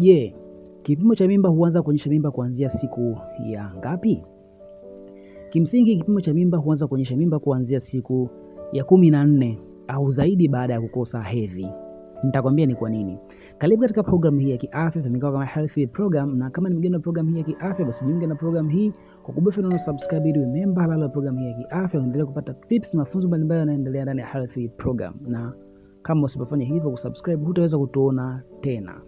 Je, kipimo cha mimba huanza kuonyesha mimba kuanzia siku ya ngapi? Kimsingi, kipimo cha mimba huanza kuonyesha mimba kuanzia siku ya kumi na nne au zaidi baada ya kukosa hedhi. Nitakwambia ni kwa nini. Karibu katika program hii ya kiafya ifahamikayo kama healthy Program, na kama ni mgeni wa program hii ya kiafya, basi jiunge na program hii kwa kubofya neno subscribe ili uwe halala wa program hii ya kiafya, uendelee kupata tips na mafunzo mbalimbali yanayoendelea ndani ya healthy Program, na kama usipofanya hivyo kusubscribe, hutaweza kutuona tena.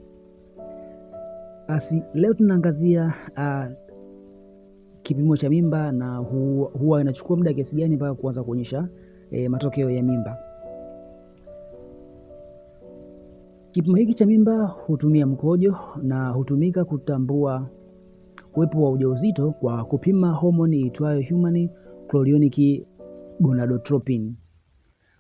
Basi leo tunaangazia uh, kipimo cha mimba na huwa, inachukua muda kiasi gani mpaka kuanza kuonyesha eh, matokeo ya mimba. Kipimo hiki cha mimba hutumia mkojo na hutumika kutambua uwepo wa ujauzito kwa kupima homoni iitwayo human chorionic gonadotropin.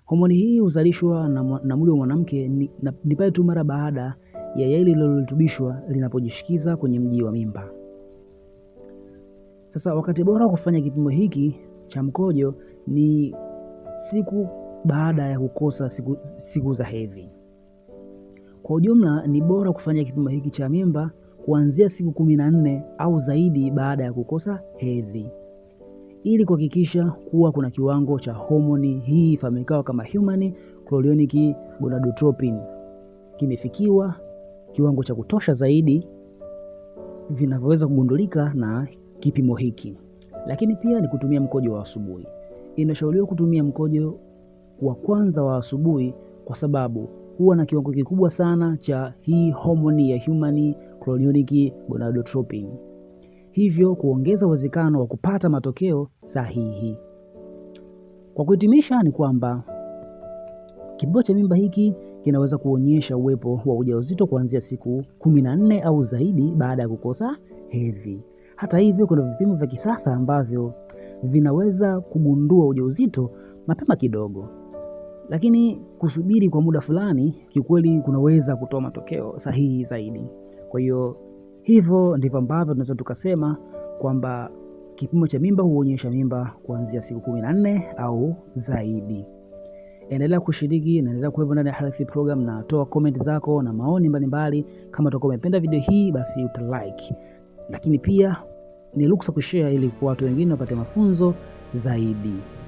Homoni hii huzalishwa na, na mwili wa mwanamke ni, ni pale tu mara baada yai lililorutubishwa linapojishikiza kwenye mji wa mimba. Sasa wakati bora wa kufanya kipimo hiki cha mkojo ni siku baada ya kukosa siku, siku za hedhi. Kwa ujumla ni bora kufanya kipimo hiki cha mimba kuanzia siku kumi na nne au zaidi baada ya kukosa hedhi ili kuhakikisha kuwa kuna kiwango cha homoni hii ifahamikao kama human chorionic gonadotropin kimefikiwa kiwango cha kutosha zaidi vinavyoweza kugundulika na kipimo hiki. Lakini pia ni kutumia mkojo wa asubuhi. Inashauriwa kutumia mkojo wa kwanza wa asubuhi kwa sababu huwa na kiwango kikubwa sana cha hii homoni ya human chorionic gonadotropin, hivyo kuongeza uwezekano wa kupata matokeo sahihi. Kwa kuhitimisha, ni kwamba kipimo cha mimba hiki kinaweza kuonyesha uwepo wa ujauzito kuanzia siku kumi na nne au zaidi baada ya kukosa hedhi. Hata hivyo, kuna vipimo vya kisasa ambavyo vinaweza kugundua ujauzito mapema kidogo, lakini kusubiri kwa muda fulani kiukweli kunaweza kutoa matokeo sahihi zaidi. Kwa hiyo hivyo ndivyo ambavyo tunaweza tukasema kwamba kipimo cha mimba huonyesha mimba kuanzia siku kumi na nne au zaidi endelea kushiriki na endelea kuwepo ndani ya Halathi Program na toa comment zako na maoni mbalimbali. Kama utakuwa umependa video hii, basi uta like, lakini pia ni ruksa kushare ili kwa watu wengine wapate mafunzo zaidi.